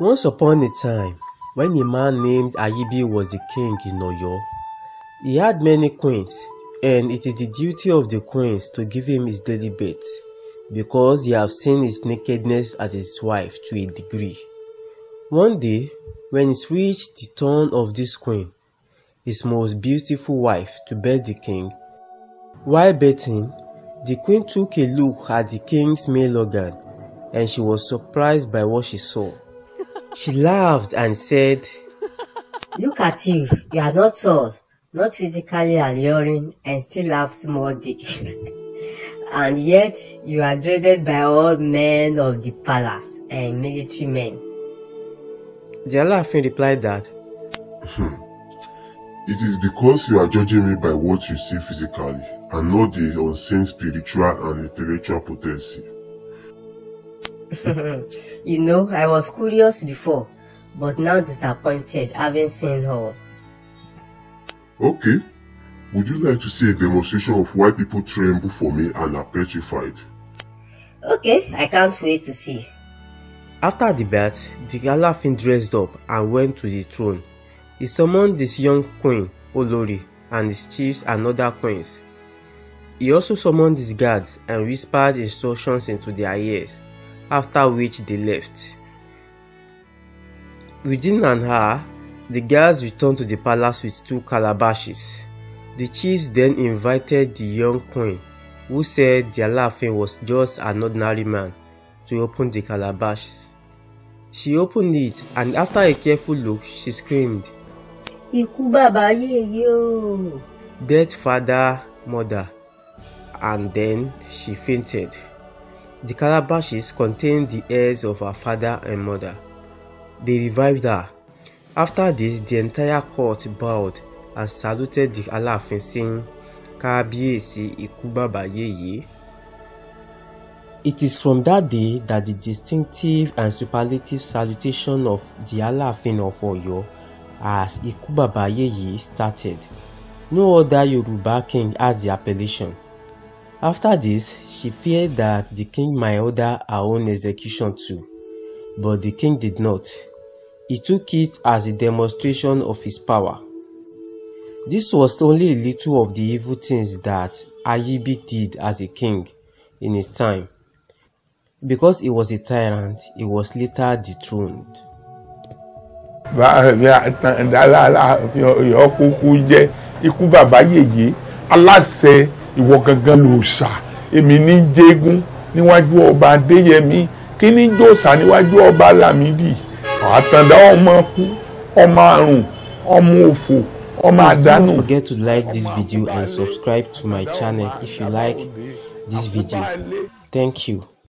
Once upon a time, when a man named Ayibi was the king in Oyo, he had many queens, and it is the duty of the queens to give him his daily bath, because they have seen his nakedness as his wife to a degree. One day, when it reached the turn of this queen, his most beautiful wife, to bathe the king, while bathing, the queen took a look at the king's male organ, and she was surprised by what she saw. She laughed and said, Look at you, you are not tall, not physically alluring, and still have small dick. and yet you are dreaded by all men of the palace and military men. The laughing replied that, hmm. It is because you are judging me by what you see physically, and not the unseen spiritual and intellectual potency. you know, I was curious before, but now disappointed having seen her. Okay. Would you like to see a demonstration of why people tremble for me and are petrified? Okay, I can't wait to see. After the bath, the Galafin dressed up and went to the throne. He summoned his young queen, Olori, and his chiefs and other queens. He also summoned his guards and whispered instructions into their ears after which they left. Within an hour, the girls returned to the palace with two calabashes. The chiefs then invited the young queen, who said their laughing was just an ordinary man, to open the calabash. She opened it and after a careful look, she screamed, Ikú bàbá yèyé Dead father, mother, and then she fainted. The calabashes contained the heirs of her father and mother. They revived her. After this, the entire court bowed and saluted the Aláàfin saying, Kábíyèsí ikú bàbá It is from that day that the distinctive and superlative salutation of the Aláàfin of Oyo, as Ikú Bàbá started. No other Yoruba king has the appellation. After this, she feared that the king might order her own execution too, but the king did not. He took it as a demonstration of his power. This was only a little of the evil things that Ayibi did as a king in his time. Because he was a tyrant, he was later dethroned. Ìyá ìwọ gangan ló sà èmi ní jégún níwájú ọba adéyẹmí kí jòsà níwájú ọba lámìdí àtàndá ọmọ kú ọmọ àrùn ọmọ òfò ọmọ àdánù. Please don't forget to like this video and subscribe to my channel if you like this video. Thank you.